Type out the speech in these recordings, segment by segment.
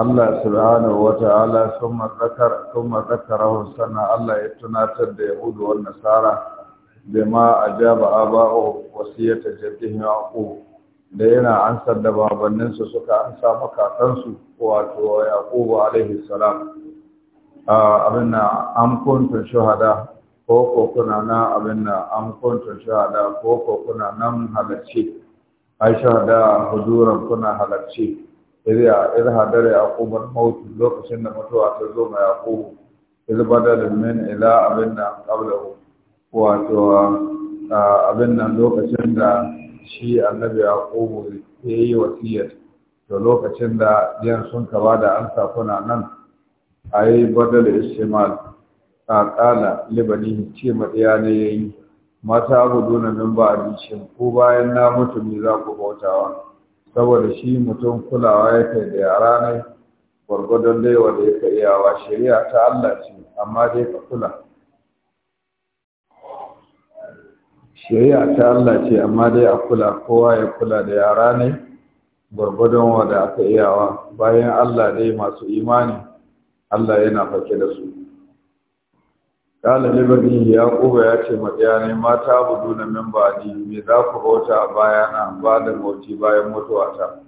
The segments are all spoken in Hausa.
Allah subhanahu wa ta'ala sun matsakar sun Allah ya tunatar da Yahudu wa Nasara da ma a jaba aba'u wasiyata jakin Yaqub da yana ansar da babanninsu suka ansa makakansu wato Yaqub alaihi salam abin na an kuntu shahada ko ko kuna na abin na an kuntu shahada ko ko kuna nan halarci ai shahada huduran kuna halarci idza hadara yaqub al-maut lokacin da mutuwa ta zo ma yaqub idza badala min ila abinna qablahu wato ah, abin nan lokacin da shi annabi yaqub ya yi wasiyar to lokacin da yan sun ka da amsa kuna nan ayi badal istimal a kala libani ce ma ya yayi mata abu dona min ba a bishin ko bayan na mutu ne za ku bautawa saboda shi mutum kulawa yake da yara ne gwargwadon dai wanda yake iyawa shari'a ta Allah ce amma dai ka kula shari'a ta Allah ce amma dai a kula kowa ya kula da yara ne gwargwadon wanda aka iyawa bayan Allah dai masu imani Allah yana fake da su kala libani ya kuba ya ce matsaya ne mata abu memba min ba'adi me za ku bauta a bayana ba da mauti bayan mutuwa ta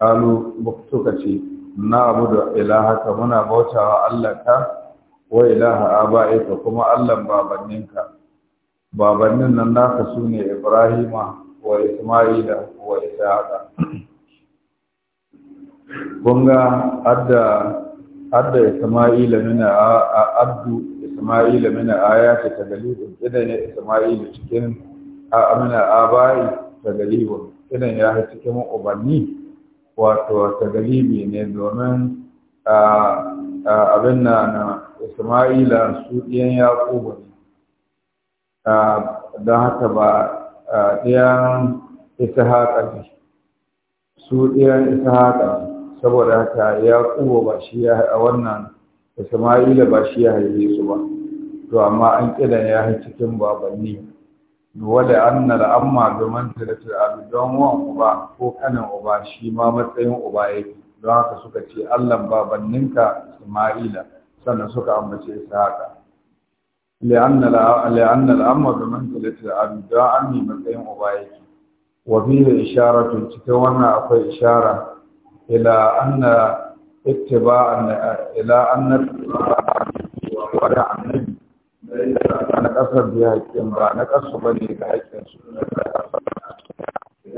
kalu suka ce na abu da ka muna bauta wa Allah ka wa ilaha ka, kuma Allah babanninka babannin nan naka sune Ibrahima wa Isma'ila wa Ishaqa kun ga adda adda Isma'ila muna abdu Isma'il mina ayati tagalibun idan ya Isma'il cikin amina abai tagalibun idan ya ha cikin ubanni wato tagalibi ne domin abin na na Isma'ila su ɗiyan Yaƙubu ne don haka ba ɗiyan haka ne su ɗiyan Ishaƙa ne saboda haka Yaƙubu ba shi ya a wannan Isma'ila ba shi ya haife su ba. to amma an kidan ya yi cikin babanni wada annar amma domin tilatar abu don wan uba ko kanin uba shi ma matsayin uba yake don haka suka ce allah babanninka isma'ila sannan suka ambace ishaqa لأن لأن الأمر بمنزلة الأب داعمي مكين أبايك وفيه إشارة تكون أخي إشارة إلى أن اتباع إلى أن اتباع النبي ba na kasar da haƙƙin ba na ƙasa ba ne da haƙƙin su na ƙasa abin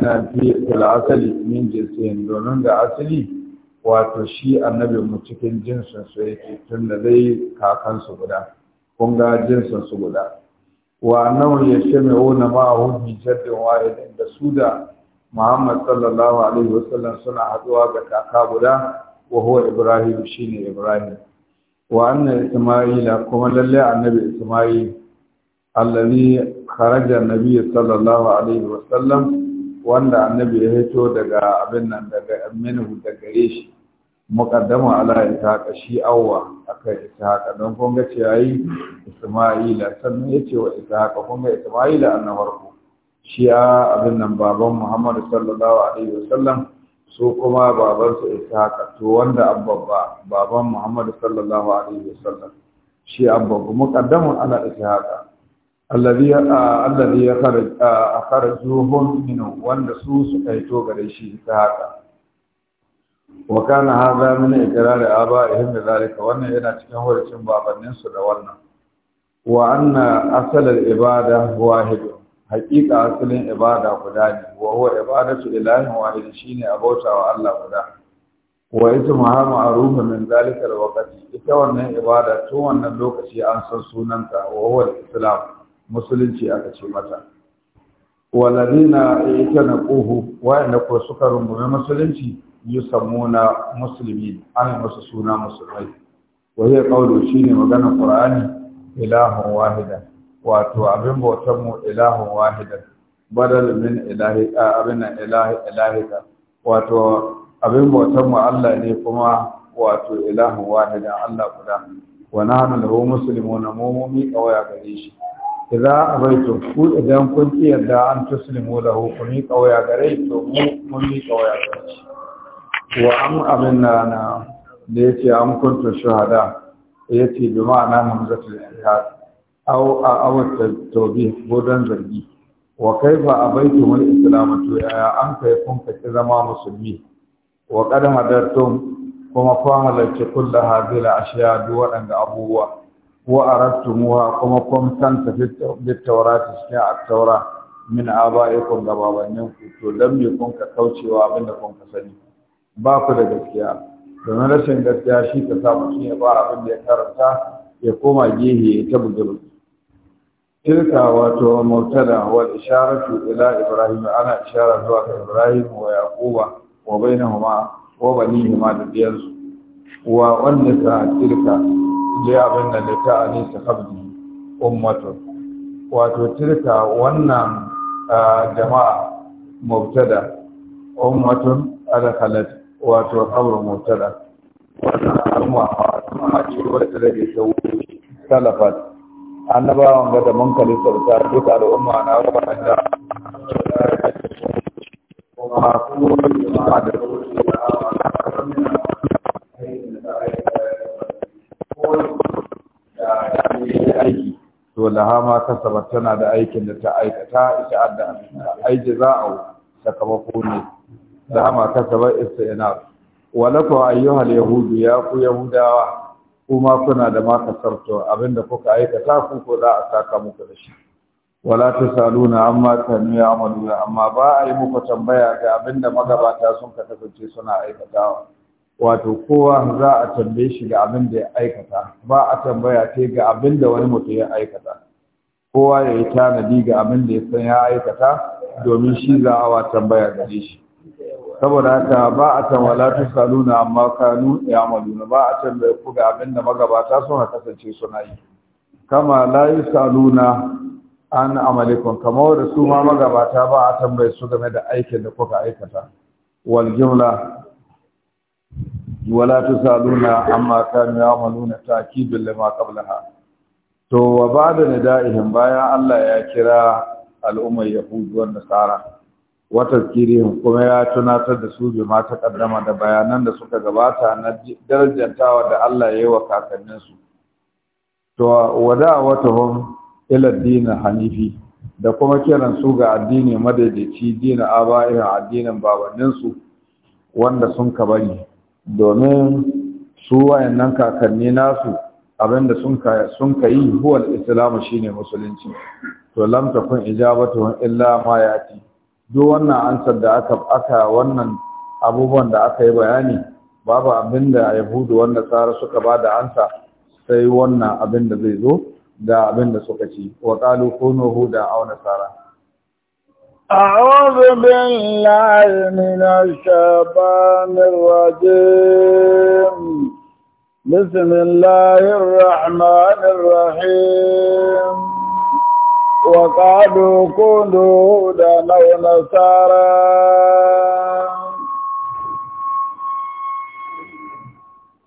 na fi asali min jinsin domin da asali wato shi annabin mu cikin jinsin su yake tun da dai kakansu guda kun ga jinsin su guda wa nawa ya shame ona ma'ahu hijjatin wahidin da su da Muhammad sallallahu alaihi wasallam suna haɗuwa ga kaka guda wa Ibrahim Ibrahim shine Ibrahim wa anna Isma'ila kuma lalle annabi Isma'il allazi kharaja annabi sallallahu alaihi wasallam wanda annabi ya hito daga abin nan daga minhu daga gare shi muqaddama ala ita shi awwa akai haka don kun ce ce yi Isma'ila sannan yace wa ita haka kuma Isma'ila annabarku shi a abin nan baban Muhammadu sallallahu alaihi wasallam su kuma baban su Ishaq to wanda abbabba baban Muhammadu sallallahu alaihi wasallam shi abbabba muqaddamun ala Ishaq alladhi alladhi yakhraj akhrajuhum minhu wanda su su kaito gare shi Ishaq wa kana hadha min iqrar aba'ihim da zalika wannan yana cikin hurucin babanninsu da wannan wa anna asal al ibada wahidun haƙiƙa asalin ibada guda ne wa huwa ibadatu ilahin wahid shine abauta wa Allah guda wa ita maha ma'arufa min zalika alwaqti ita wannan ibada tun wannan lokaci an san sunanta wa huwa islam musulunci aka ce mata ladina ita na wa na ko suka rungumi musulunci yusammuna musulmi ana musu suna musulmai wa hiya qawlu shine magana qur'ani ilahun wahida wato abin bautan mu ilahun wahidan badal min ilahi abin ilahi ilahika wato abin bautan mu Allah ne kuma wato ilahun wahidan Allah guda wa nahnu lahu muslimuna mu mi kawaya gare shi idza abaitu ku idan kun ki yadda an tuslimu lahu ku mi kawaya gare to mu mun mi kawaya gare shi wa am abin na da yace am kuntu shuhada yace bi ma'ana hamzatul ihad aw a awata tawbi ko dan zargi wa kaifa abaitu wal islam to ya an kai kun ka zama musulmi wa qad hadartum kuma kun halarci kullu hadhihi ashiya duk waɗanda abubuwa wa aradtumuha kuma kun santa bi tawrati cikin at-taura min abaikum da babannin ku to dan kun ka kaucewa abinda kun ka sani ba ku da gaskiya domin rashin gaskiya shi ka sa mutum ya ba abin da ya karanta ya koma gehe ta bugi tilka wato mubtada wal isharatu ila ibrahim ana ishara zuwa ga ibrahim wa yaquba wa bainahuma wa banihima da diyansu wa wanda ta tilka da abin da ta ani ta kabdi ummatu wato tilka wannan jama'a mubtada ummatun adkhalat wato qabr mubtada wannan al'umma ma haji wadda take sauki salafat annabawan ga da mun kalisarta duka al'umma na waɗanda da jama'a da aiki to lahama ta tana da aikin da ta aikata ita adda aiki za a sakamako ne lahama ta saba istiyana wa lakum ayyuhal yahudu ya ku yahudawa kuma kuna da ma kasarto abinda kuka aikata ku ko za a saka muku da shi wala tasaluna amma kanu ya'maluna amma ba a yi muku tambaya ga abinda magabata sun ka kasance suna aikatawa wato kowa za a tambaye shi ga abin da ya aikata ba a tambaya ce ga abin da wani mutum ya aikata kowa ya yi tanadi ga abin da ya san ya aikata domin shi za a wa tambaya gare shi saboda haka ba a can wala tusaluna amma kanu ya ya'maluna ba a can bai kuga abinda magabata suna kasance suna yi kama la yusaluna an amalikun, kamar da su ma magabata ba a tambaye su game da aikin da kuka aikata wal jumla wala tusaluna amma kanu ya ta ya'maluna ta'kidul lima qablaha to wa ni nida'ihim bayan Allah ya kira al'ummar yahud wa nasara Wata tazkirihim kuma ya tunatar da su bi ta kaddama da bayanan da suka gabata na darajantawa da Allah ya yi wa kakanninsu to wada a ila ad hanifi da kuma kiran su ga addini madaidaici dinin aba'in addinin babanninsu wanda sun ka bari domin su wayannan kakanni nasu abinda sun ka sun ka yi huwal islamu shine musulunci to lam takun ijabatu illa ma yati duk wannan ansar da aka aka wannan abubuwan da aka yi bayani babu abin da yahudu wanda tsara suka ba da ansa sai wannan abin da zai zo da abin da suka ci wa qalu kunu huda aw nasara أعوذ بالله من الشيطان الرجيم بسم الله الرحمن الرحيم وقالوا كونوا هودا أو نصارى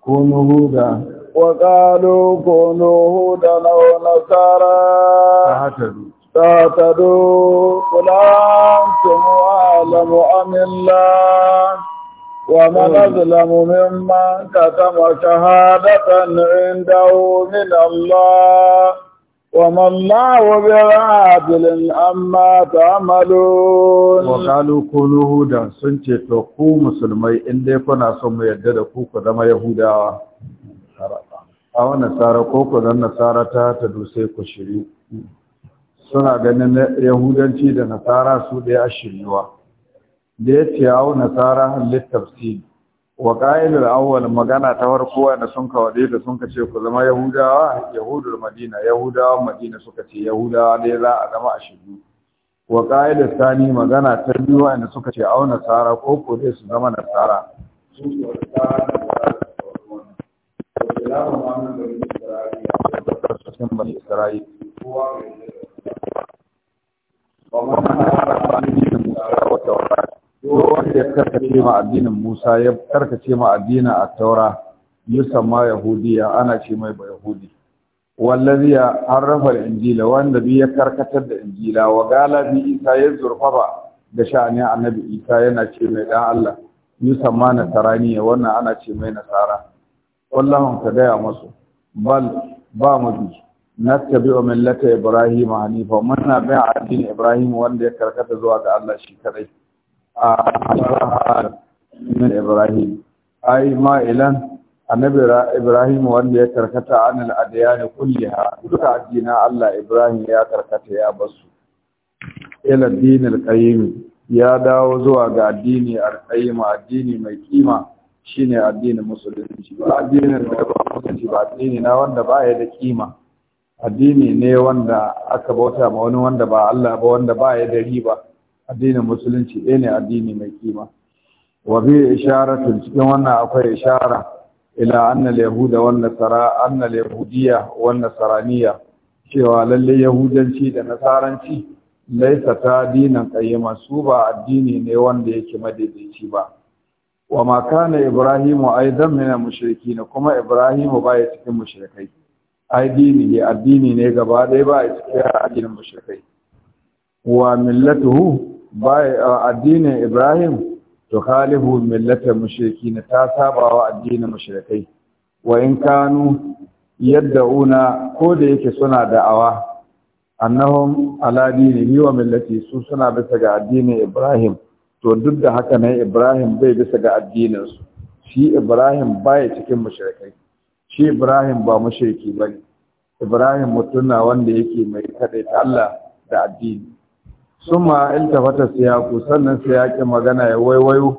كونوا هودا وقالوا كونوا هودا أو نصارى فهتدوا فهتدوا قل أنتم أعلم أم الله ومن أظلم ممن كتم شهادة عنده من الله وما الله بغافل عما تعملون وقالوا كونوا هودا سنتي تو مسلمي ان دي كنا سو mu yadda da ku ku zama yahudawa a ko ku nasara ta ta duse ku shiri suna ganin yahudanci da nasara su ɗaya a shiriwa da ya ce a nasara wa ƙa'ilul awwal magana ta farko wanda sun kawade da sun ce ku zama yahudawa yahudul madina yahudawa madina suka ce yahudawa dai za a zama a shigu wa ƙa'ilul sani magana ta biyu wanda suka ce au nasara ko ko dai su zama nasara ومن أعرف عن دين موسى وتوراته wanda ya karkace ma addinin Musa ya karkace ma addinin At-Taura yusamma yahudiya ana ce mai ba yahudi wallazi ya harrafa injila wanda bi ya karkatar da injila wa Isa ya zurfafa da sha'ani annabi Isa yana ce mai dan Allah yusamma Nasaraniya wannan ana ce mai nasara wallahu ka gaya masu bal ba mu bi nattabi'u millata ibrahim hanifa muna bai addinin ibrahim wanda ya karkata zuwa ga Allah shi kadai a min Ibrahim ai ma'ilan annabi Ibrahim wanda ya karkata anil adyan kulliha duka addina Allah Ibrahim ya karkata ya basu ila dinil qayyim ya dawo zuwa ga addini alqayyim addini mai kima shine addinin musulunci ba addinin da ba musulunci ba addini na wanda ba ya da kima addini ne wanda aka bauta ma wani wanda ba Allah ba wanda ba ya da riba addinin musulunci ɗaya ne addini mai kima wa bi tun cikin wannan akwai ishara ila anna yahuda wan nasara anna yahudiyya wan nasaraniya, cewa lallai yahudanci da nasaranci laisa ta dinan qayyima su ba addini ne wanda yake madaidaici ba wa ma kana ibrahimu aidan min mushrikin kuma ibrahimu ba ya cikin mushrikai addini ne addini ne gaba ɗaya ba ya cikin addinin mushrikai wa millatuhu addinin Ibrahim to khalifu millata na ta sabawa addinin mushrikai wa in kanu una ko da yake suna da'awa annahum ala ni wa millati su suna bisa ga addinin Ibrahim to duk da haka ne Ibrahim bai bisa ga addinin su shi Ibrahim bai cikin mushrikai shi Ibrahim ba mushriki bane Ibrahim mutum wanda yake mai kadaita Allah da addini summa tafata siyaku sannan sai yake magana ya waiwayo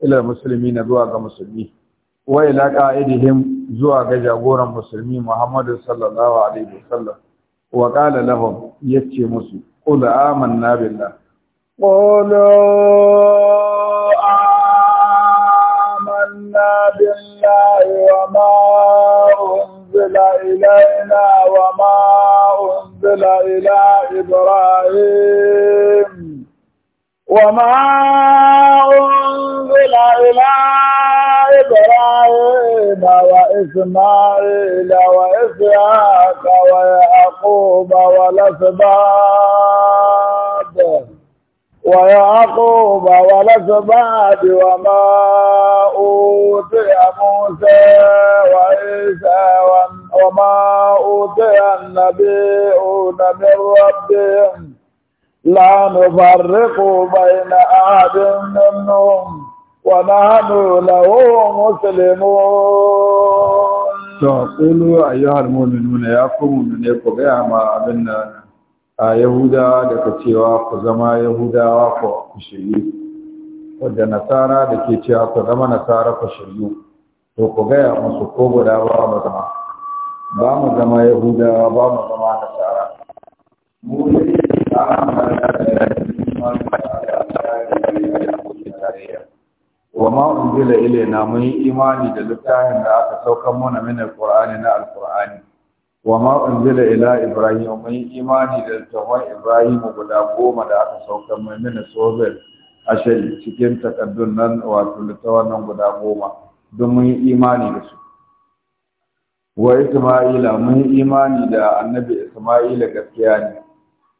ila musulmi na zuwa ga musulmi wa ila qa'idihim zuwa ga jagoran musulmi Muhammadu sallallahu alaihi wasallam wa qala lahum yace musu qul amanna billah قولوا آمنا بالله وما أنزل إلينا وما أنزل إلى إبراهيم وما أنزل إلى إبراهيم وإسماعيل وإسحاق ويعقوب والأسباب ويعقوب والأسباب وما أوتي موسى وعيسى وما أوتي النبيون من ربهم لا نفرق بين أحد منهم ونحن له مسلمون تقولوا أيها المؤمنون يا قوم ku gaya ma abin nan a yahudawa da ka cewa ku zama yahudawa ku shiryu wadda nasara da ke cewa ku zama nasara ku shiryu to ku gaya musu ko guda ba mu zama ba mu zama yahudawa ba mu zama nasara mu ne wama unzila ilaina mun yi imani da littafin da aka saukar mana min alqur'ani na alqur'ani wama unzila ila ibrahim mun yi imani da littafin ibrahim guda goma da aka saukar mana min sobel ashe cikin takaddun nan wato littafin nan guda goma don mun yi imani da su wa isma'ila mun yi imani da annabi isma'ila gaskiya ne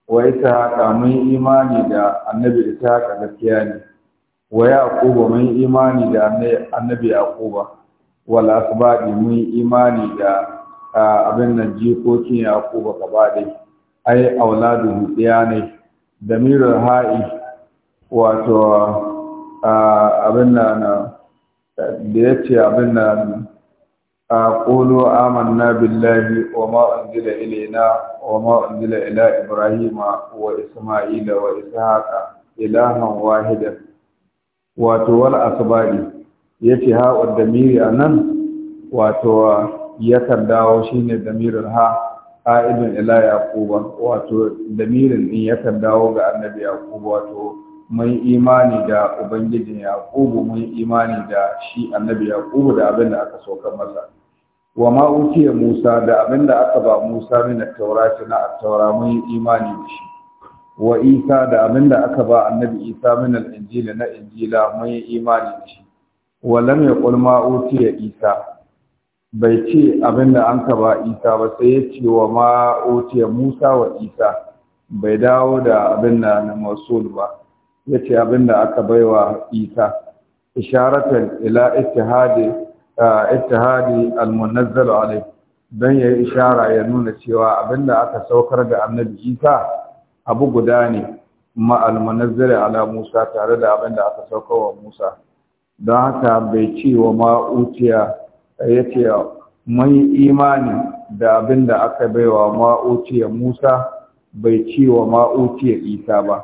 wa ita haka mun imani da annabi ita haka gaskiya ne wa yaquba mun imani da annabi yaquba wal asbadi mun imani da abin nan jikokin yaquba gaba dai ai auladu ne damirul ha'i wato abin nan da yace abin nan قولوا آمنا بالله وما أنزل إلينا وما أنزل إلى إبراهيم وإسماعيل وإسحاق إلها واحدا wato wal asbari yace ha wa damiri anan wato yakan dawo shine damirin ha qa'idun ila yaquba wato damirin din yakan dawo ga annabi yaqub wato mun imani da ubangijin yaqubu mun imani da shi annabi yaqubu da abinda da aka saukar masa wa ma utiya Musa da abin da aka ba Musa min at-taurati na at-taura mun imani da shi wa Isa da abin aka ba annabi Isa min al-injila na injila mun imani da shi wa lam yaqul ma utiya Isa bai ce abin da an ka ba Isa ba sai ya ce wa ma utiya Musa wa Isa bai dawo da abin na Mosul ba ya ce abin da aka baiwa Isa isharatan ila ittihadi ittihadi al-munazzal alayh dan yayi ishara ya nuna cewa abinda aka saukar da annabi Isa abu guda ne ma al-munazzal ala Musa tare da abinda aka saukar wa Musa don haka bai ce wa ma utiya yace mun yi imani da abinda aka baiwa ma utiya Musa bai ce wa ma utiya Isa ba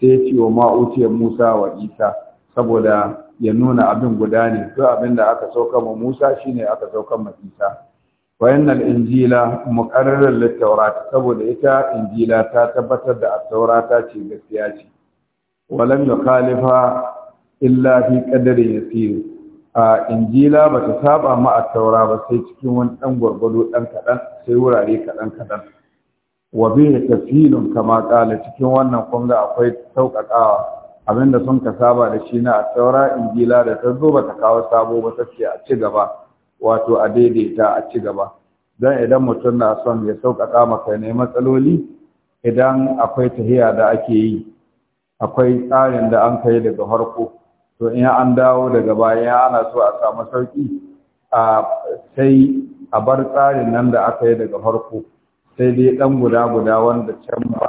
sai ya ce wa ma utiya Musa wa Isa saboda ya nuna abin guda ne duk abin da aka sauka ma Musa shine aka sauka ma Isa wa innal injila muqarrarar littawrat saboda ita injila ta tabbatar da at ta ce gaskiya ce walam yukhalifa illa fi qadarin yasir a injila ba ta saba ma at-taura ba sai cikin wani dan gwargwado dan kadan sai wurare kadan kadan wa bi tafsilun kama kala cikin wannan kunga akwai sauƙaƙawa abinda sun ka saba da shi na a taura injila da ta zo ba ta kawo sabo ba ta ce a ci gaba wato a daidaita a ci gaba don idan mutum na son ya sauƙaƙa maka ne matsaloli idan akwai tahiya da ake yi akwai tsarin da an kai daga harko to in an dawo daga baya ana so a samu sauƙi a sai a bar tsarin nan da aka yi daga harko sai dai dan guda guda wanda can ba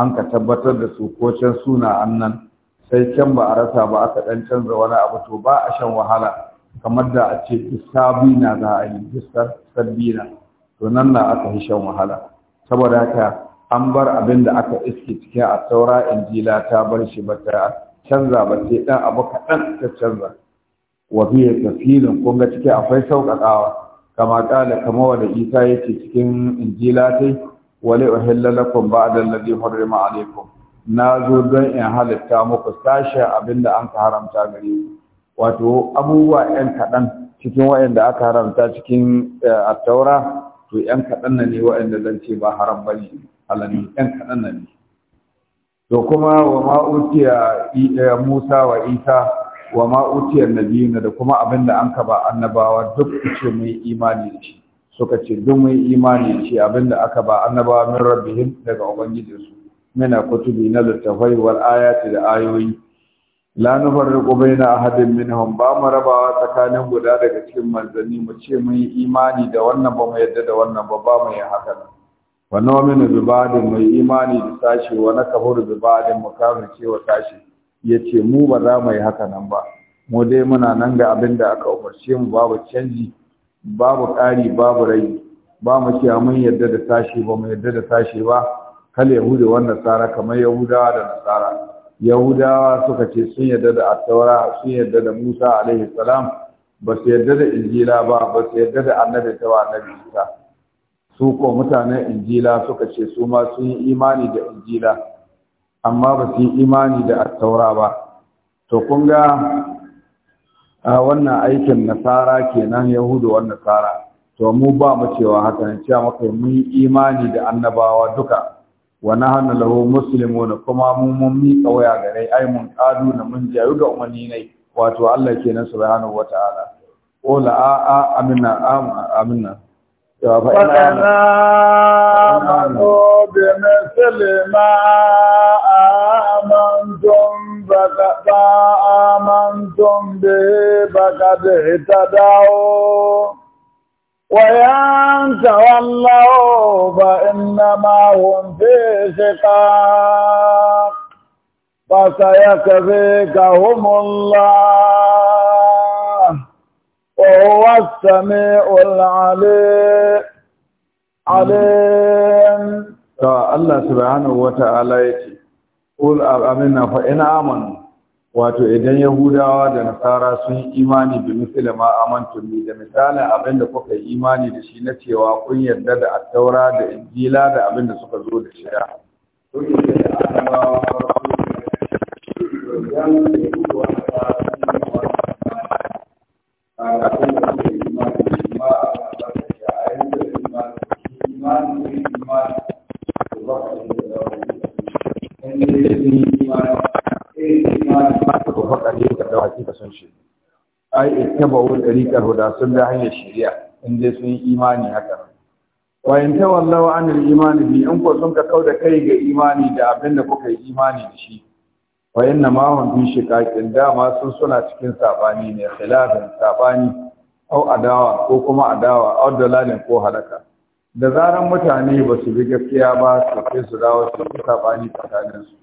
an ka tabbatar da su ko can suna annan sai can ba a rasa ba aka ɗan canza wani abu to ba a shan wahala kamar da a ce sabina na za a yi fiskar sabina to nan na aka yi shan wahala saboda haka an bar abin da aka iske cikin a saura injila ta bar shi ba ta canza ba sai dan abu kaɗan ta canza wa fiye tafilin kun ga ciki akwai sauƙaƙawa kama ƙala kama wanda isa ya ce cikin injila tai wale uhilla lakum ba'da alladhi harrama alaykum na zo don in halitta muku sashen abinda an ka haramta gare ku wato abubuwa yan kaɗan cikin waɗanda aka haramta cikin eh, attaura to yan kaɗan na ne waɗanda zan ce ba haram ba ne alani yan kaɗan na ne to kuma wa ma'utiya eh, musa wa isa wa ma'utiyar nabiyina da kuma abin da an ka ba annabawa duk ce mai imani da shi suka ce duk mun imani ce abinda aka ba annabawa min rabbihim daga ubangijinsu mina kutubi na littafai wal ayati da ayoyi la nufarriqu baina ahadin minhum ba mu rabawa tsakanin guda daga cikin manzanni mu ce mun yi imani da wannan ba mu yadda da wannan ba ba mu yi haka wa nu'minu bi ba'din mu imani da sashi wa nakfuru bi ba'din mu kafirce wa sashi yace mu ba za mu yi haka nan ba mu dai muna nan ga abin da aka umarce mu babu canji babu ƙari babu rai ba mu cewa mun yarda da tashi ba mu yarda da tashi ba kal yahudi wannan nasara kamar yahudawa da nasara yahudawa suka ce sun yarda da attaura sun yarda da musa alaihi salam ba su yarda da injila ba ba su yarda da annabi ta annabi isa su ko mutanen injila suka ce su ma sun yi imani da injila amma ba su yi imani da attaura ba to kun ga a wannan aikin nasara kenan yahudu wa nasara to mu ba mu cewa haka ne cewa maka mun imani da annabawa duka wa nahnu lahu muslimuna kuma mu mun mi kawaya gare ai mun kadu na mun jayu ga umanni ne wato Allah kenan subhanahu wataala qula a a amina amina فآمنوا بمثل ما آمنتم فتأبى أنتم به فقد اهتدوا وإن تولوا فإنما هم في شقاق فسيكفيكهم الله وهو السميع العليم عليم الله سبحانه وتعالى قل آمنا فإن آمنوا wato idan yahudawa da nasara sun yi imani da misali ma amantum da misalin abin da kuka yi imani da shi na cewa kun yarda da attaura da injila da abin da suka zo da shi da Thank you. sun shi ai ittaba'u huda sun da hanyar shari'a in dai sun yi imani haka wa in an yi imani bi in ko sun ka kauda kai ga imani da abin da kuka yi imani da shi wa inna ma hum fi da dama sun suna cikin sabani ne khilafin sabani au adawa ko kuma adawa au dalalin ko halaka da zaran mutane ba su bi gaskiya ba su kai su dawo su sabani tsakaninsu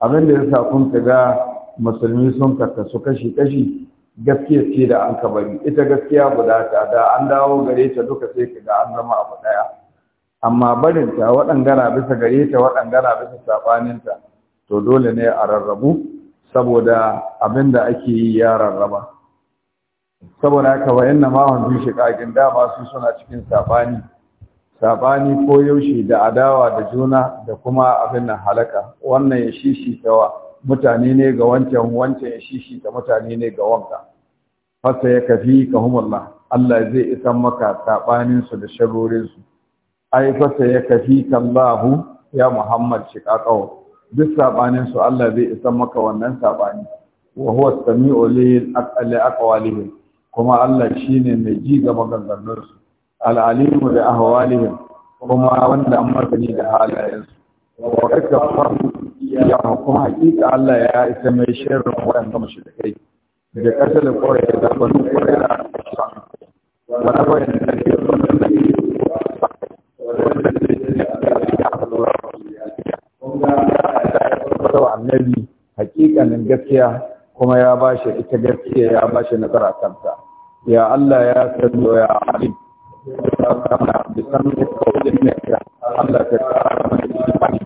abin da ya sa kun ga musulmi sun karkasu kashi-kashi gaskiya ce da an ka bari ita gaskiya guda ta da an dawo gare ta duka sai ka ga an zama abu daya amma barin ta waɗangana bisa gare ta waɗangana bisa sabanin to dole ne a rarrabu saboda abin da ake yi ya rarraba saboda haka wa yanna ma hun shi kakin dama su suna cikin sabani sabani ko yaushe da adawa da juna da kuma abin nan halaka wannan ya shishi tawa mutane ne ga wancan wancan ya shishi ta mutane ne ga wanka fasa ya kafi ka humullah Allah zai isan maka saɓaninsu da sharorinsu ai fasa ya kafi kallahu ya Muhammad shiqaqaw duk saɓaninsu Allah zai isan maka wannan saɓani wa huwa samiu lil aqwalihim kuma Allah shine mai ji ga maganganunsu al-alimu bi ahwalihim kuma wanda an da halayensu wa ya kuma hakika Allah ya isa mai shirin waɗanda mashirikai da ƙasar ƙwarai da zaɓanin ƙwarai da wani bayan da ke wani da ke wanda da ke ya haɗuwa kuma ya wa annabi hakikanin gaskiya kuma ya ba shi ita gaskiya ya ba shi nasara kanta ya Allah ya sanu ya alim ya kama bisan kawai ne Allah ka kara mai imani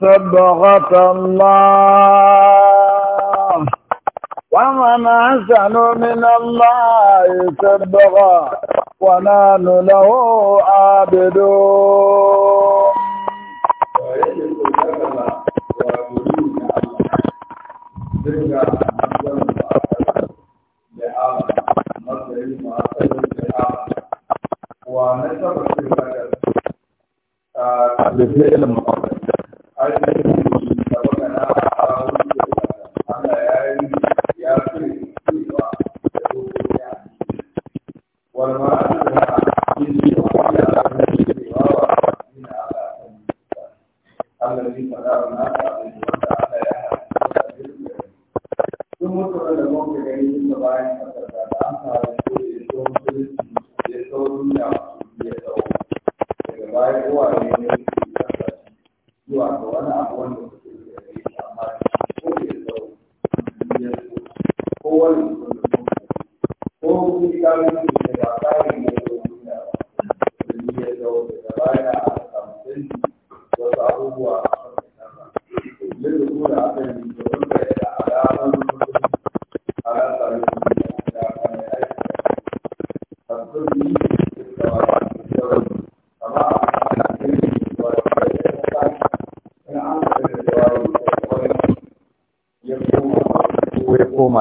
صبغة الله وما أحسن من الله صبغة ونحن له عابدون sai irin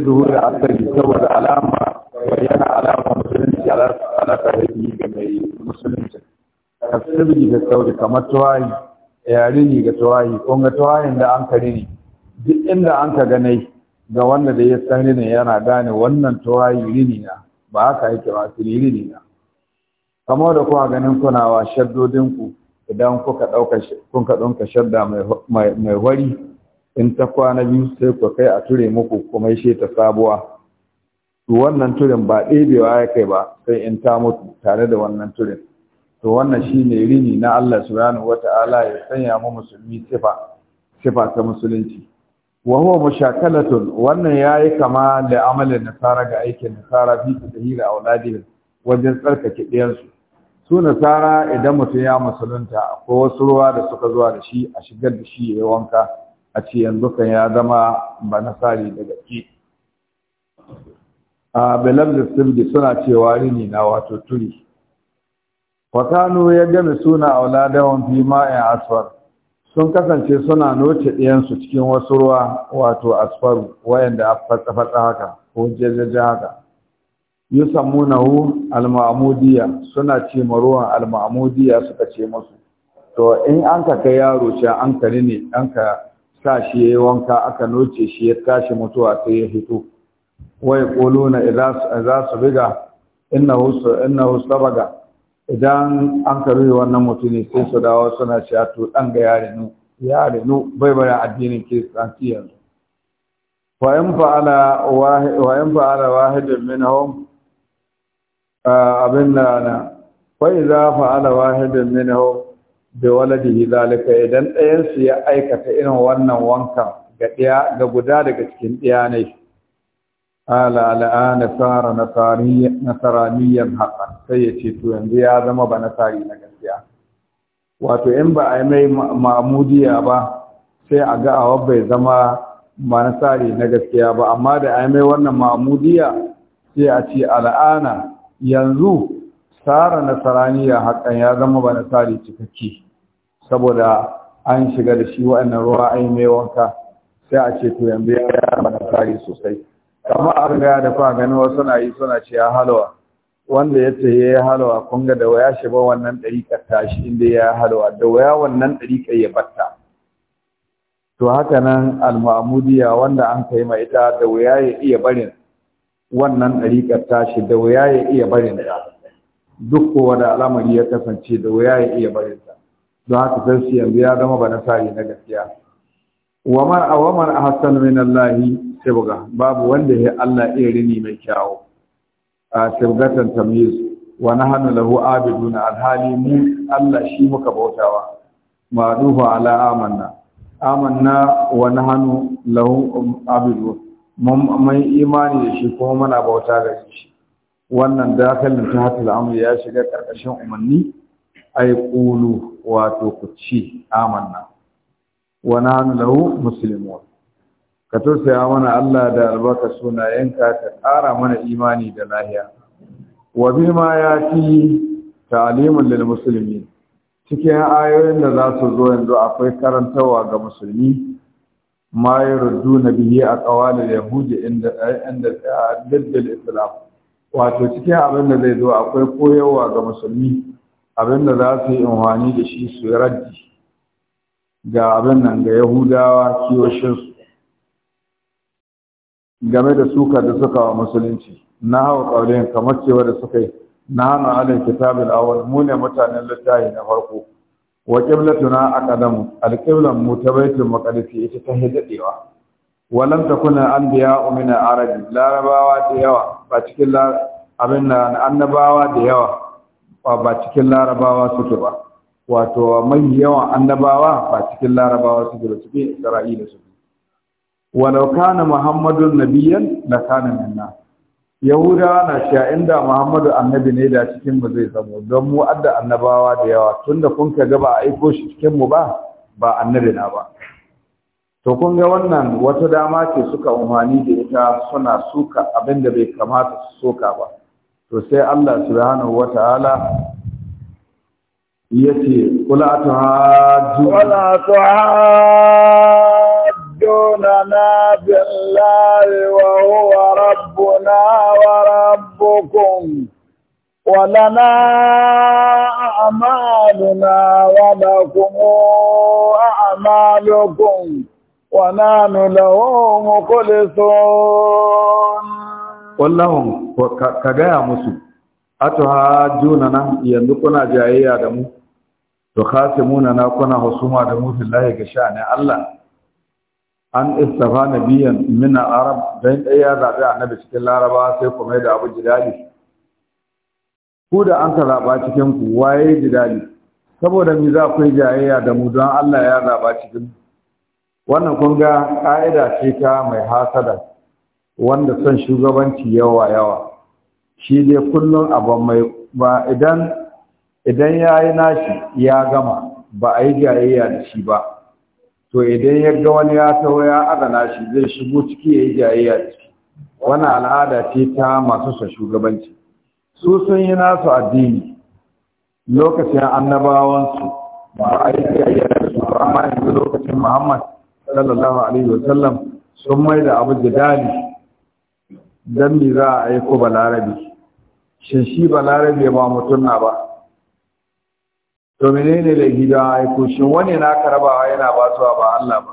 لظهور العسل يتوض علامة ويانا علامة مسلمة على على فهده كما مسلمة كالسبج كالسود كما تواهي ياريني كتواهي كونغ تواهي عند أنك ريني duk inda an ka ganai ga wanda da ya san rini yana gane wannan tuwayi rini na ba haka yake ba su rini na kamar da kuwa ganin kunawa shaddodinku idan kuka ɗauka kun ka shadda mai hori in ta kwana biyu sai ku kai a ture muku kuma ishe ta sabuwa to wannan turin ba ɗebewa ya kai ba sai in ta mutu tare da wannan turin to wannan shi ne rini na Allah subhanahu wata'ala ya sanya mu musulmi sifa sifa ta musulunci wa huwa mushakalatun wannan yayi kama da amalin nasara ga aikin nasara fi tahira auladihim wajen tsarkake ɗiyansu su nasara idan mutum ya musulunta akwai wasu ruwa da suka zuwa da shi a shigar da shi ya yi wanka a ce yanzu kan ya zama ba na nasari da gaske a da sibdi suna cewa rini na wato turi fakanu ya gami suna a wuladawan fi ma'ayin asfar sun kasance suna noce ɗiyansu cikin wasu ruwa wato asfaru wayanda a fatsa-fatsa haka ko jajjaja haka yusammunahu al Alma'amudiya suna ce ma ruwan al suka ce musu to in an ka kai yaro shi an ka ne an ka sa shi yayi wanka aka noce shi ya tashi mutuwa sai ya hito wai quluna idza za su biga innahu innahu sabaga idan an karu wannan mutune sai su dawo suna cewa to dan ga yarinu yarinu bai bari addinin kiristanci yanzu wa in fa'ala wa in fa'ala wahidun minhum ah, abin da na fa idza fa'ala wahidun minhum bi waladihi zalika idan ɗayan su ya aikata irin wannan wankan ga ɗaya ga guda daga cikin ɗaya ne ala al'ana fara nasaraniyan haka sai ya ce to yanzu ya zama ba nasari na gaskiya wato in ba a yi mai ma'amudiya ba sai a ga awa bai zama ba nasari na gaskiya ba amma da a yi mai wannan ma'amudiya sai a ce al'ana yanzu tsara nasaraniya hakan ya zama ba nasari cikakke saboda an shiga da shi wa'annan ruwa ai mai wanka sai a ce to yanzu ya ba nasari sosai amma a riga da fa ganin wasu na yi suna ce ya halawa wanda ya ce ya halawa kun ga da waya shi ba wannan ɗariƙar tashi inda ya yi halawa da waya wannan ɗariƙar ya batta to haka nan al muamudiya wanda an kai ma ita da waya ya iya barin wannan ɗariƙar tashi da waya ya iya barin ta duk kowa da al'amari ya kasance da wuya ya iya sa don haka sai yanzu ya zama ba nasari na gaskiya wa man man ahsan min Allah sibga babu wanda ya Allah rini mai kyau. a sibgatan tamyiz wa nahnu lahu abiduna alhali mu Allah shi muka bautawa ma'rufa ala amanna amanna wa nahnu lahu abidun mun mai imani da shi kuma muna bauta da shi wannan dakalin ta hatul amr ya shiga ƙarƙashin umarni ay qulu wato ku ci amanna wa nahnu lahu muslimun ka tausaya mana Allah da albarka sunayenka ta ƙara mana imani da lahiya wa ma ya ci ta'limun lil musulmi. cikin ayoyin da za su zo yanzu akwai karantawa ga musulmi ma na bihi a da yahudi inda inda diddil islam wato cikin abin da zai zo akwai koyarwa ga musulmi abin da za su yi amfani da shi su raddi ga abin nan ga yahudawa kiyoshinsu game da suka da suka wa musulunci na hawa ƙaurin kamar cewa da suka yi na hana alin kitabin awal mu ne mutanen littafi na farko wa ƙiblatuna a ƙadamu alƙiblan mu ta baitin maƙarfi ita ta hidadewa walam takuna anbiya'u min al-arab larabawa da yawa ba cikin abin annabawa da yawa ba cikin larabawa suke ba wato mai yawan annabawa ba cikin larabawa suke ba cikin isra'ila suke walau kana muhammadun nabiyyan la kana minna Yahuda na cewa inda muhammadu annabi ne da cikin mu zai samu don mu adda annabawa da yawa tunda kun ka ga ba a aiko shi cikin mu ba ba annabi na ba to kun ga wannan wata dama ce suka umarni da ita suna suka abin da bai kamata su soka ba to sai Allah subhanahu wata'ala yace kula tuhajju wala na billahi wa huwa rabbuna wa rabbukum ولنا أعمالنا ولكم أعمالكم wọ́n lọ́wọ́n kó lè sọ ka gaya musu a tó ha juna na yanzu kuna jayayya da mu to kasi muna na kuna husuma da mufin laye ga sha ne allah an istafa na biyan mina arab don ɗaya ya zaɓe a nabi cikin laraba sai ku kuma da abu jidali ku da an ka zaɓa ku waye jidali saboda mi za ku yi jayayya da mu don allah ya zaɓa mu. wannan kun ga ƙa'ida ce ta mai hasada wanda son shugabanci yawa yawa shi dai kullum abu mai ba idan idan ya yi nashi ya gama ba a yi jayayya da shi ba to idan ya ga wani ya taho ya adana shi zai shigo ciki ya yi jayayya da shi wani al'ada ce ta masu sa shugabanci su sun yi nasu addini lokacin annabawansu ba a yi jayayya da su ba amma yanzu lokacin muhammad sallallahu alaihi wa sallam sun mai da abu jidali don me za a aiko balarabe shin shi balarabe ba mutum na ba to menene laifi don aiko shin wani na karabawa yana zuwa ba Allah ba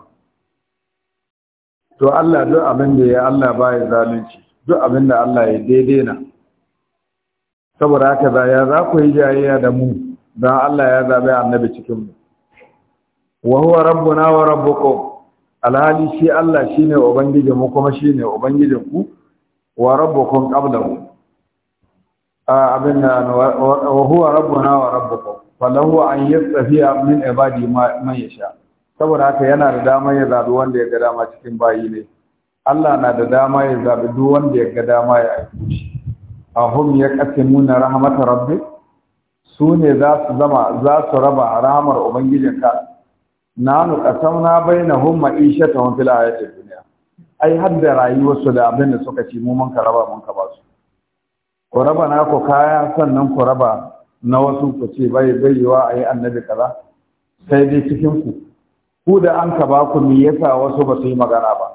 to Allah duk abin da ya Allah ba ya zalunci duk abin da Allah ya daidai na saboda haka za ya za ku yi jayayya da mu don Allah ya zaɓe annabi cikin mu wa huwa rabbuna wa rabbukum alhali shi Allah shi ne mu kuma shi ne ku wa mu. qablahu abin da wa huwa rabbuna wa rabbukum falahu an yastafiya min ibadi man yasha saboda haka yana da dama ya zaɓi wanda ya ga dama cikin bayi ne Allah na da dama ya zaɓi duk wanda ya ga dama ya aiko shi ahum muna rahmatar rabbi su ne za su zama za su raba rahmar ubangijinka nanu qasamna bainahum ma'ishatahum fil hayatid dunya ai har da rayuwarsu da abin da suka ci mu mun ka raba mun ka ba su ku raba na ku kaya sannan ku raba na wasu ku ce bai baiwa ayi annabi kaza sai dai cikin ku ku da an ka ba ku me yasa wasu ba su yi magana ba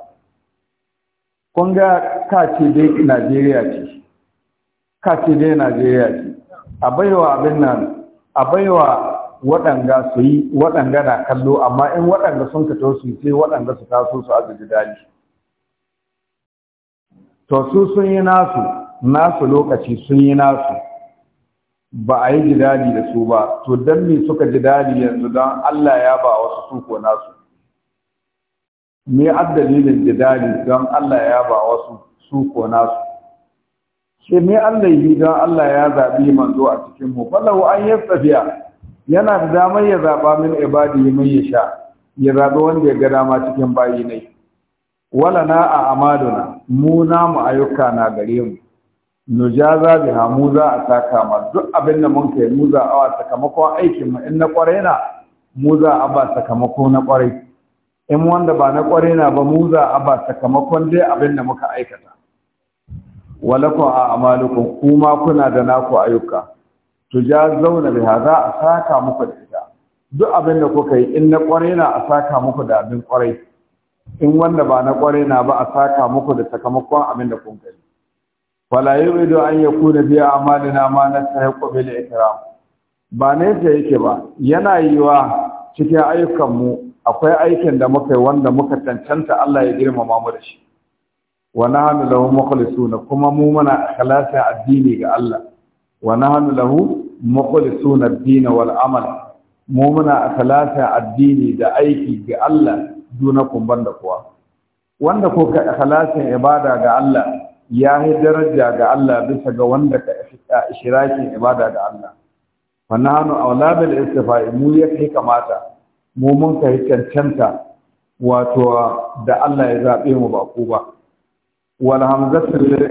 kun ga ka ce dai Najeriya ce ka ce dai Najeriya ce a baiwa abin nan a baiwa waɗanga su yi waɗanga na kallo amma in waɗanga sun ka su yi sai waɗanga su taso su azubi daji to su sun yi nasu nasu lokaci sun yi nasu ba a yi jidali da su ba to don me suka jidali yanzu don Allah ya ba wasu su ko nasu me addalilin jidali don Allah ya ba wasu su ko nasu shi me Allah yi don Allah ya zaɓi manzo a cikin mu falahu an yastafiya yana da damar ya zaɓa min ibadi mai ya sha ya zaɓi wanda ya ga dama cikin bayi ne wala na a amaduna mu namu ayyuka na gare mu nujaza ha mu za a saka ma duk abin da mun kai mu za a wa sakamakon aikin mu in na kwarai na mu za a ba sakamako na kwarai in wanda ba na kwarai na ba mu za a ba sakamakon dai abin da muka aikata Wala ko a amalukum kuma kuna da naku ayyuka zauna biha za a saka muku da ita duk abin da kuka yi in na kwarai na a saka muku da abin kwarai in wanda ba na kwarai na ba a saka muku da sakamakon abin da kun gani wala yuridu an yakuna bi a'malina ma na nastahiqu da ikram ba ne ta yake ba yana yiwa cikin ayyukanmu akwai aikin da muka yi wanda muka cancanta Allah ya girmama mu da shi wa nahnu lahu mukhlisuna kuma mu muna ikhlasi addini ga Allah wa nahnu lahu mukhlisuna ad-din wal amal mu muna akhlasa addini da aiki ga Allah kumban da kuwa wanda ko ka ibada ga Allah ya yi daraja ga Allah bisa ga wanda ka shirakin ibada ga Allah wa nahnu awla istifa'i mu ya kai kamata mu mun kai cancanta wato da Allah ya zabe mu ba ku ba wal hamzatu lil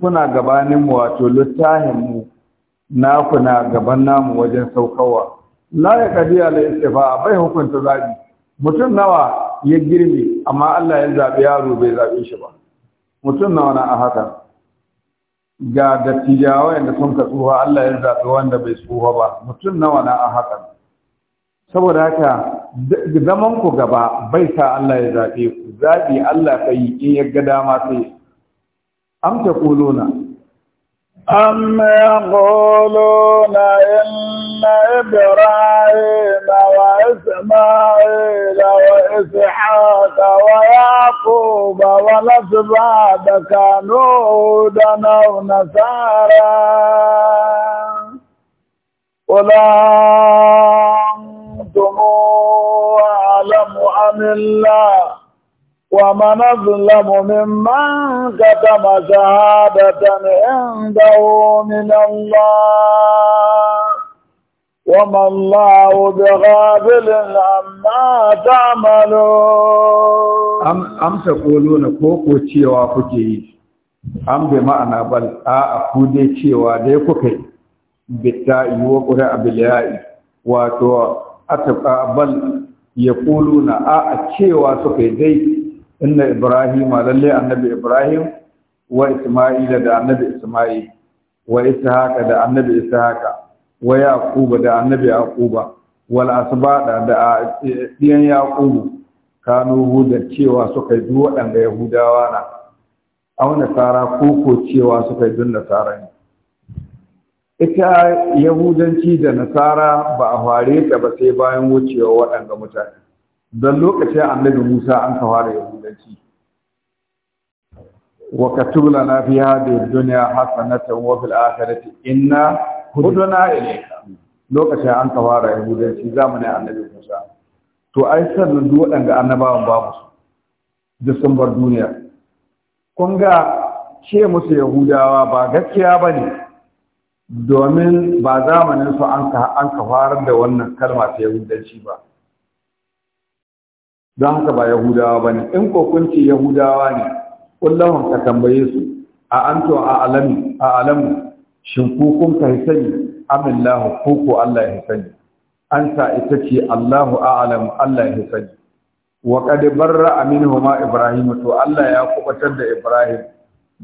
kuna gabanin mu wato littafin mu na kuna gaban namu wajen saukawa la ya kadi ala istifa bai hukunta zabi mutum nawa ya girme amma Allah ya zabi yaro bai zabe shi ba mutum nawa na a haka ga dattijawa da sun ka tsuha Allah ya zabi wanda bai tsuha ba mutum nawa na a haka saboda haka zaman ku gaba bai sa Allah ya zabe ku zabi Allah kai in ya ga dama sai am taquluna am yaquluna inna ibrahima wa da wa ishaqa wa yaquba wa lasbada kanu nasara أنتم أعلم أم الله wa ma na zulamu mimman kata ma ta ma shahadatan indahu min Allah wa ma Allah bi ghafilin amma ta'malu am am ko kolo na ko cewa kuke yi am bi ma'ana bal a a ku dai cewa dai kuke bitta yi wa kuri abiliyai wato a ta bal ya kolo na a cewa suka yi dai inna ibrahim lalle annabi ibrahim wa isma'ila da annabi isma'il wa ishaqa da annabi ishaqa wa yaqub da annabi yaquba wal asbada da diyan yaqubu kanu huda cewa suka yi waɗanda yahudawa na auna tsara koko cewa suka yi dun nasara ne ita yahudanci da nasara ba a fare ta ba sai bayan wucewa waɗanda mutane don lokacin annabi musa an fara yahudanci wa katubla na fi hadi dunya hasanatan wa fil akhirati inna huduna ilayka lokacin an fara yahudanci zamanin annabi musa to ai sannan duk waɗanda annabawan babu su duk sun bar duniya kun ga ce musu yahudawa ba gaskiya ba ne domin ba zamaninsu su an ka farar da wannan kalma ta yahudanci ba don haka ba yahudawa ba ne in kokunci yahudawa ne kullum ka tambaye su a anto a alami a alamu shin ku ka kai sani amin lahu kuku Allah ya sani an sa ita ce Allahu a'lam Allah ya sani wa qad barra aminhuma ibrahim to Allah ya kubatar da ibrahim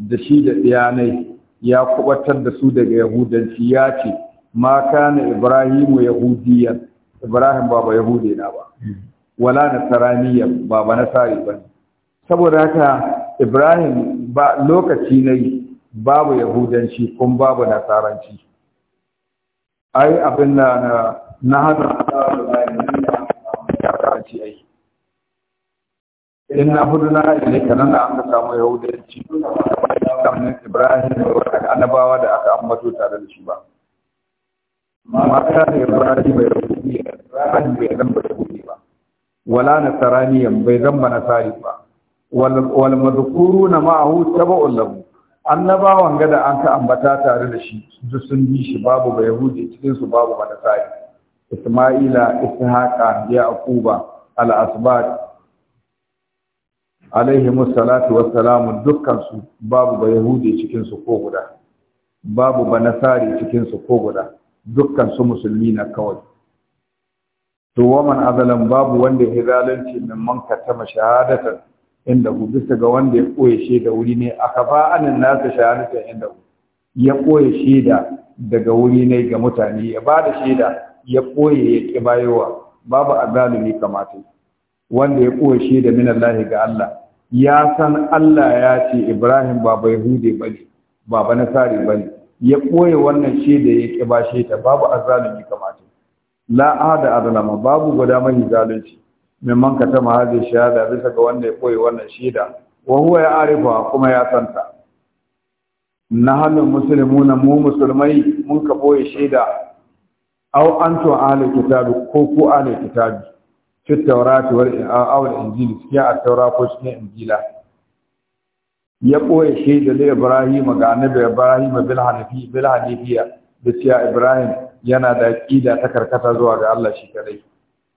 da shi da tsiyanai ya kubatar da su daga yahudanci ya ce ma kana ibrahimu yahudiyan ibrahim ba ba yahudi na ba wala nasaraniya ba ba nasari ba saboda haka Ibrahim ba lokaci ne babu yahudanci kun babu nasaranci ai abin na na hada yahudanci ai in na hudu na ne kanan da aka samu yahudanci kamar Ibrahim da annabawa da aka ambato tare da shi ba mata da Ibrahim bai rubuta Ibrahim bai lamba da wala nasaraniyan bai zama nasari ba na madhkuruna ma'ahu tabu'un lahu annabawan gada an ka ambata tare da shi duk sun bi shi babu ba yahudi cikin babu ba nasari isma'ila ishaqa yaquba al-asbat alaihi musallatu wassalamu babu ba yahudi cikin su babu ba nasari cikin su ko musulmi na kawai to waman azalan babu wanda ya zalunci min man katama shahadatan inda hu bisa ga wanda ya koye shaida wuri ne aka ba anan nasa shahadatan inda hu ya koye shaida daga wuri ne ga mutane ya ba da shaida ya koye ya ki bayowa babu azalumi kamata wanda ya koye shaida min Allah ga Allah ya san Allah ya ce Ibrahim baba Yahudi hude bane baba nasari bane ya koye wannan shaida ya ki bashe ta babu azalumi kamata la ahada adalama babu guda mai zalunci man ka ma hazi shahada bisa ga wanda ya koyi wannan shida wa huwa ya arifa kuma ya santa nahalul muslimuna mu musulmai mun ka boye shida aw antu ahli kitabi ko ku ahli kitabi fi tawrati wal awl injili cikin at-taura ko cikin injila ya boye shida da Ibrahim ga annabi Ibrahim bil hanafi bil hanifiya da cewa Ibrahim yana da aqida ta karkata zuwa ga Allah shi kadai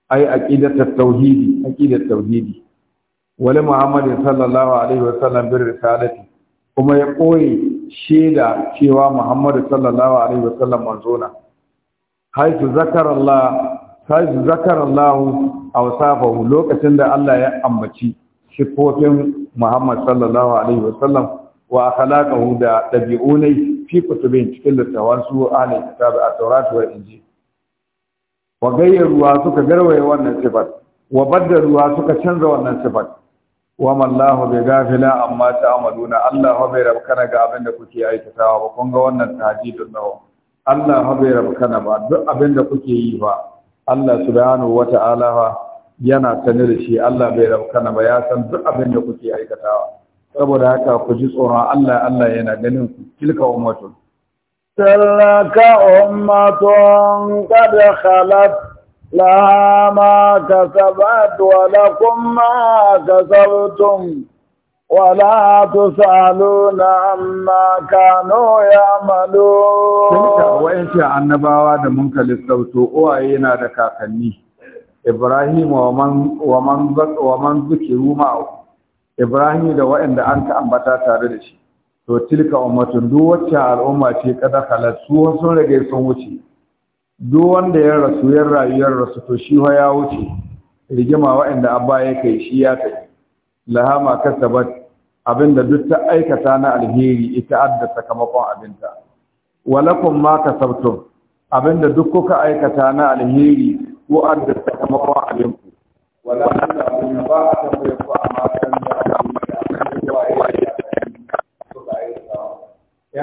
ai aqidat tauhidi aqidat tauhidi wali Muhammad sallallahu alaihi wasallam bir risalati kuma ya koyi shaida cewa Muhammad sallallahu alaihi wasallam manzo na haitu zakarallah haitu zakarallahu awsafahu lokacin da Allah ya ambaci sifofin Muhammad sallallahu alaihi wasallam wa akhlaqahu da dabi'unai fi kutubin cikin littawan su ala kitab at-taurat wal injil wa gayyaruwa suka garwaye wannan sifat. wa baddaruwa suka canza wannan sifat. wa mallahu bi ghafila amma ta'maluna Allah bai rabkana ga abinda kuke aikatawa ba kun ga wannan tahdidun nawa Allah bai rabkana ba duk abinda kuke yi ba Allah subhanahu wata'ala yana sanar da shi Allah bai rabkana ba ya san duk abinda kuke aikatawa saboda haka ku ji tsoron Allah Allah yana ganin ku tilka ummatun tilka ummatun qad khalat la ma kasabat wa lakum ma kasabtum ولا تسألون عما كانوا يعملون وإنت annabawa da mun kalistauto uwaye yana da kakanni Ibrahim wa man wa man wa man zikiru ma'u ibrahim da waɗanda an ka ambata tare da shi to tilka ummatun duk wacce al'umma ce kada halat su sun rage sun wuce duk wanda ya rasu ya rayuwar rasu to shi fa ya wuce rigima waɗanda abba ya kai shi ya kai lahama kasabat abinda duk ta aikata na alheri ita adda sakamakon abinta walakum ma kasabtum abinda duk kuka aikata na alheri ko adda sakamakon abinku wala ta ba ta ku amma kan da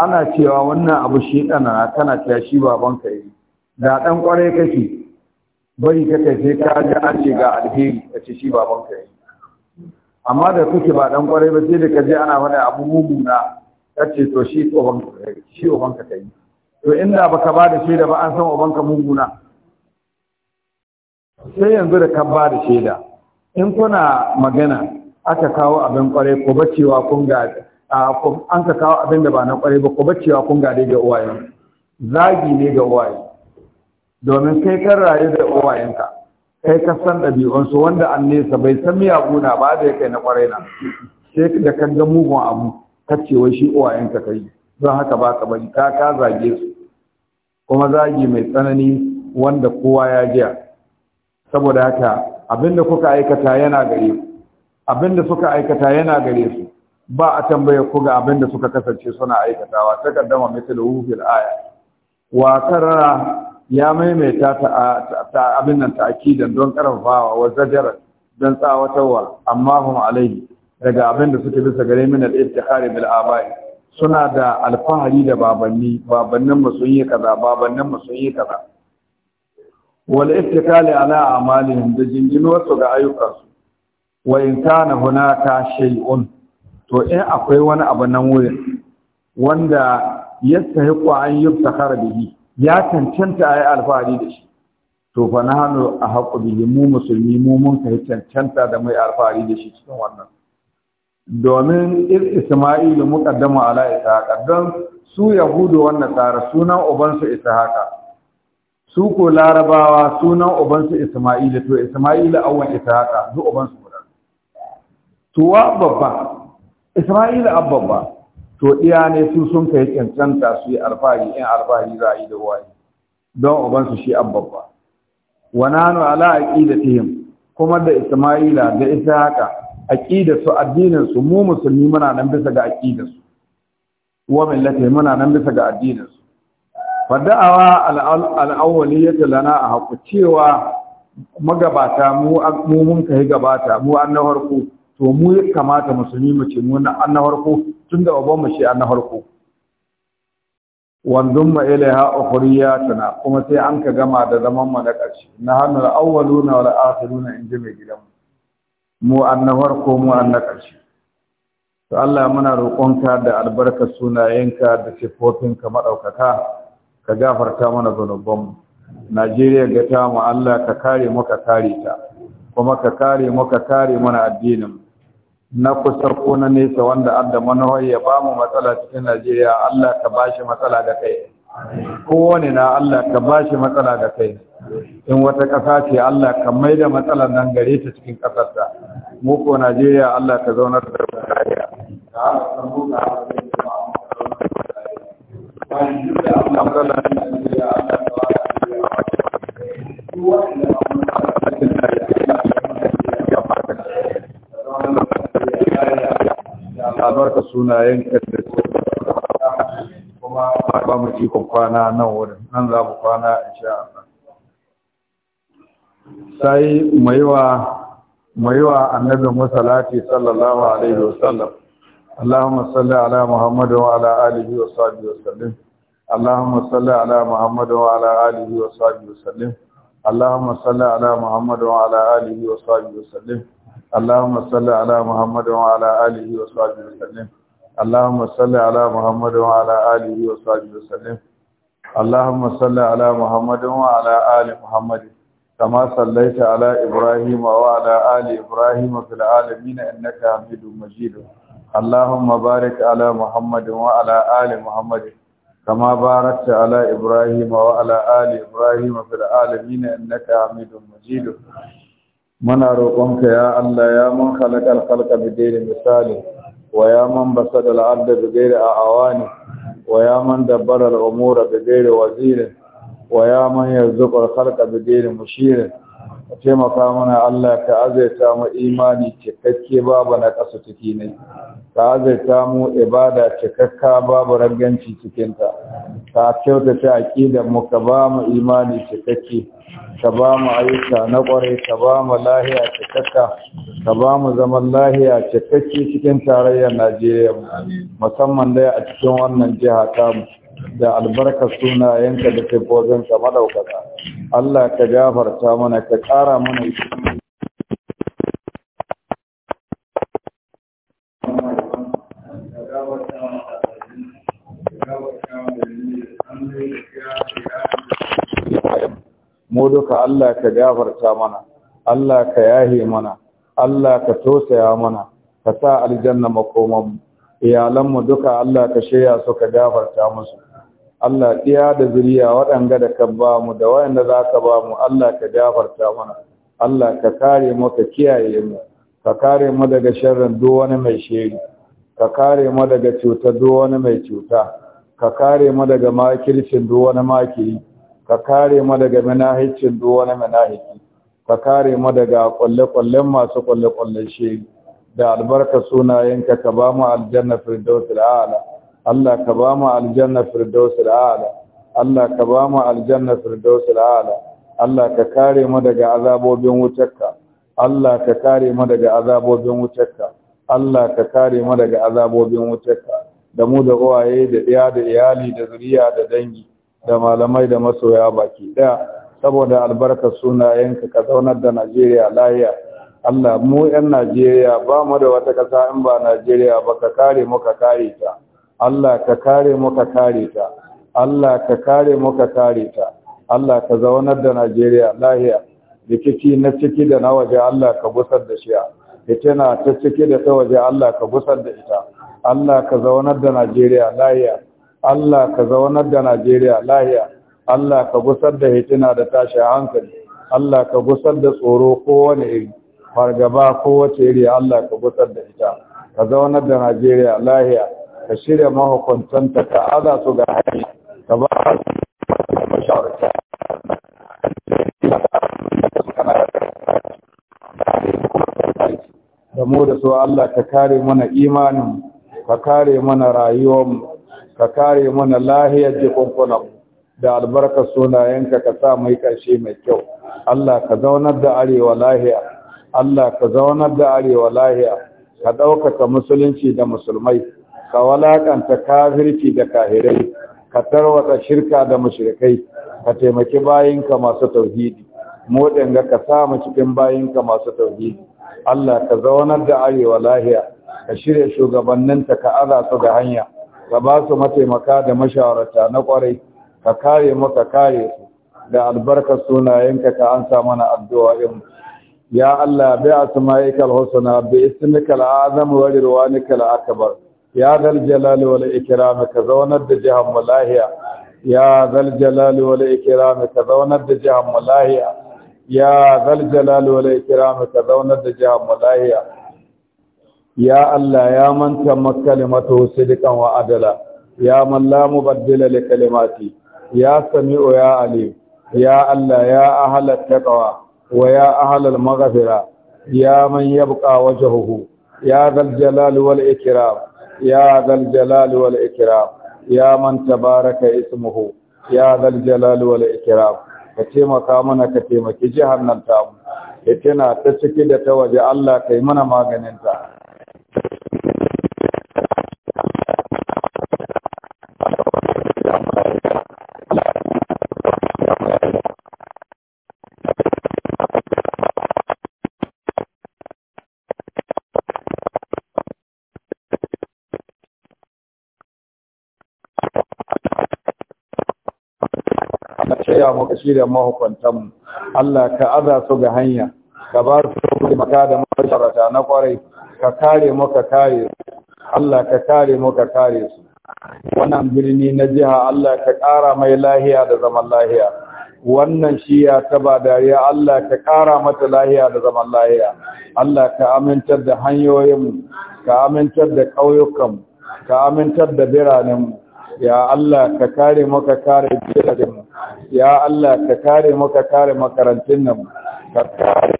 ana cewa wannan abu shi ɗana tana cewa shi babanka yi da ɗan ƙwarai kake bari ka tafi ka ji an ce ga alheri ka ce shi babanka yi amma da kuke ba ɗan ƙwarai ba sai da ka je ana faɗa abu na ka ce to shi tsohon shi ubanka ka yi to inda baka ba da shaida ba an san ubanka muguna sai yanzu da ka ba da shaida in kuna magana aka kawo abin kwarai ko bacewa kun ga an ka kawo abin da ba na kwarai ba ko bacewa kun ga ga uwaye zagi ne ga uwaye domin kai kan rayu da uwayenka kai ka san ɗabi'unsu wanda an nesa bai san miyaguna ba da ya kai na kwarai na sai da kan ga mugun abu ka wai shi uwayenka kai don haka ba ka bari ka ka zage su kuma zagi mai tsanani wanda kowa ya jiya saboda haka abinda kuka aikata yana gare ku abinda suka aikata yana gare su ba a tambaye ku ga abinda suka kasance suna aikatawa ta kaddama mithluhu fil aya wa karara ya maimaita ta abin nan don karfafawa wa zajara don tsawatarwa amma hum alaihi daga abinda suke bisa gare min al-ibtikhari bil abai suna da alfahari da babanni babannin mu sun yi kaza babannin mu sun yi kaza wal ittikali ala amalihim da jinjino su ga ayyukansu. wa in kana hunaka shay'un to in akwai wani abu nan wurin wanda yastahiqu an yubtakhara bihi ya cancanta ayi alfahari da shi to fa nahnu ahqqu bihi mu musulmi mu mun kai cancanta da mai alfahari da shi cikin wannan domin isma'ilu muqaddamu ala ishaqa don su yahudu wanda tsara sunan ubansu ishaqa su ko larabawa sunan ubansu isma'ilu to isma'ilu awwan ishaqa zu ubansu guda tuwa babba isma'ilu abbabba to iya ne su sun kai cancanta su yi alfahari in alfahari za a yi da wani don ubansu shi abbabba wa nanu ala aqidatihim kuma da isma'ila da ishaqa aqida su addinin su mu musulmi muna nan bisa ga aqida su wa millati muna nan bisa ga addinin su fada'awa al-awwaliyatu lana a haƙu cewa magabata mu mu mun kai gabata mu an na to mu ya kamata musulmi mu ce mu an na ku tun da babban mu shi ku. na mu ila ha ukhriya tana kuma sai an ka gama da zaman mu na ƙarshe na hannu al-awwaluna wal akhiruna in mai gidanmu mu an ko mu to Allah muna roƙonka da albarka sunayenka da sifofinka maɗaukaka ka gafarta mana mu. Najeriya ga ta mu Allah ka kare mu ka kare ta kuma ka kare mu ka kare mana addinin na kusa ko na nesa wanda adda manhaji ya ba mu matsala cikin Najeriya Allah ka bashi matsala da kai kowane na Allah ka ba shi matsala da kai in wata ƙasa ce Allah ka mai da matsalar nan gare ta cikin ƙasarta muku Najeriya Allah ka zaunar da Najeriya ka sunayen da kuma ba mu ikon kwana nan wurin nan za mu kwana insha Allah sai mu yi wa annabin masalati sallallahu alaihi wasallam اللهم صل على محمد وعلى آله وصحبه وسلم اللهم صل على محمد وعلى آله وصحبه وسلم اللهم صل على محمد وعلى آله وصحبه وسلم اللهم صل على محمد وعلى آله وصحبه وسلم اللهم صل على محمد وعلى آله وصحبه وسلم اللهم صل على محمد وعلى آل محمد كما صليت على إبراهيم وعلى آل إبراهيم في العالمين إنك حميد مجيد اللهم بارك على محمد وعلى آل محمد كما باركت على إبراهيم وعلى آل إبراهيم في العالمين إنك حميد مجيد من أروقك يا الله يا من خلق الخلق بدير مثاله ويا من بسد العبد بغير أعوانه ويا من دبر الأمور بغير وزير ويا من يرزق الخلق بغير مشير taimaka mana Allah ka azaita mu imani cikakke babu na ƙasa ciki ne ka azaita mu ibada cikakka babu raganci cikinta ka kyautata aqidar mu ka ba mu imani cikakke ka ba mu ayyuka na ƙwarai ka ba mu lahiya cikakka ka ba mu zaman lahiya cikakke cikin tarayyar najeriya musamman dai a cikin wannan jiha tamu da albarkar sunayenka da ka madaukaka allah ka gafarta mana ka ƙara mana Thank mu duka Allah ka gafarta mana Allah ka yahe mana Allah ka tosaya mana ka sa aljanna makoman iyalan mu duka Allah ka shirya su ka gafarta musu Allah ɗiya da zuriya waɗanga da ka ba mu da waɗanda za ka ba mu Allah ka gafarta mana Allah ka kare mu ka kiyaye mu ka kare mu daga sharrin duk wani mai shiri ka kare mu daga cuta duk wani mai cuta ka kare mu daga makircin duk wani makiri ka kare mu daga manahicin duk wani manahici ka kare mu daga kwalle-kwallen masu kwalle-kwallen shiri da albarka sunayenka ka ba mu aljanna firdausi ala Allah ka ba mu aljanna firdausi ala Allah ka ba mu aljanna firdausi ala Allah ka kare mu daga azabobin wutarka Allah ka kare mu daga azabobin wutarka Allah ka kare mu daga azabobin wutarka da mu da uwaye da da iyali da zuriya da dangi da malamai da masoya baki ɗaya saboda albarkar sunayenka ka zaunar da Najeriya lahiya Allah mu 'yan Najeriya ba mu da wata ƙasa in ba Najeriya ba ka kare mu ka kare ta Allah ka kare mu ka kare ta Allah ka kare mu ka kare ta Allah ka zaunar da Najeriya lahiya rikici na ciki da na waje Allah ka gusar da shi tana ta ciki da ta waje Allah ka gusar da ita Allah ka zaunar da Najeriya lahiya Allah ka zaunar da Najeriya lahiya Allah ka gusar da hitina da tashi hankali Allah ka gusar da tsoro kowane iri fargaba kowace iri Allah ka gusar da ita ka zaunar da Najeriya lahiya ka shirya mahukuntanta ka aza su ga hanya ka ba mashawarta da mu da su Allah ka kare mana imanin ka kare mana rayuwarmu ka kare mana lahiyar jikunkunan da albarka sunayenka ka sa mai ƙarshe mai kyau Allah ka zaunar da arewa lahiya Allah ka zaunar da arewa lahiya ka ɗaukaka musulunci da musulmai ka walakanta kafirci da kahirai ka tarwata shirka da mushrikai ka taimaki bayinka masu tauhidi mu ga ka samu cikin bayinka masu tauhidi Allah ka zaunar da arewa lahiya ka shirya shugabanninta ka aza su ga hanya ka ba su mataimaka da mashawarta na kwarai ka kare mu ka kare su da albarkar sunayenka ka ansa mana addu'a in ya Allah bi asma'ika al-husna bi ismika al-azam wa ridwanika al-akbar ya dal jalal wal ikram ka zaunar da jahan malahiya ya dal jalal wal ikram ka zaunar da jahan malahiya ya dal jalal wal ikram ka zaunar da jahan malahiya ya Allah ya manta tammat kalimatu sidqan wa adala ya man la mubaddila li kalimati ya sami'u ya alim ya Allah ya ahla taqwa wa ya ahla al-maghfira ya man yabqa wajhuhu ya dhal jalali wal ikram ya dhal jalali wal ikram ya man tabaraka ismuhu ya dhal jalali wal ikram ka taimaka mana ka taimaki jihar nan tamu ya ta ciki da ta waje Allah kai mana maganinta shirya mu ka da mahukuntanmu Allah ka aza su ga hanya ka ba su maka da masharata na kwarai ka kare mu ka kare Allah ka kare mu ka kare su wannan birni na jiha Allah ka ƙara mai lahiya da zaman lahiya wannan shiya ta ba dariya Allah ka kara mata lahiya da zaman lahiya Allah ka amintar da hanyoyinmu ka amintar da ƙauyukanmu ka amintar da biranenmu ya Allah ka kare mu ka kare jira da ya Allah ka kare mu ka kare makarantun nan ka kare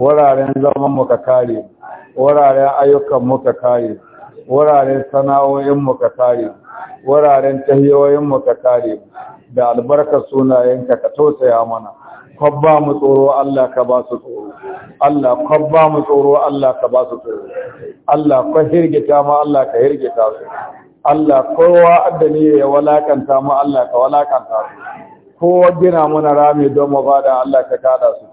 wuraren zaman mu ka kare wuraren ayyukan mu ka kare wuraren sana'o'in mu ka kare wuraren tahiyoyin mu ka kare da albarkar sunayenka ka tausaya mana kwabba mu tsoro Allah ka ba su tsoro Allah kwabba mu tsoro Allah ka ba su tsoro Allah ka hirgita ma Allah ka hirgita su Allah kowa ne ya walakanta mu Allah ka walakanta su kowa gina muna rami don mu bada Allah ka kada su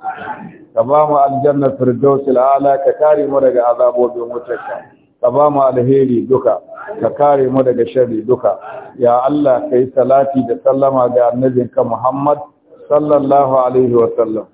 ka ba mu aljanna firdausil ala ka kare mu daga azabobin wutarka ka ba mu alheri duka ka kare mu daga sharri duka ya Allah kai salati da sallama ga annabinka Muhammad sallallahu alaihi wa sallam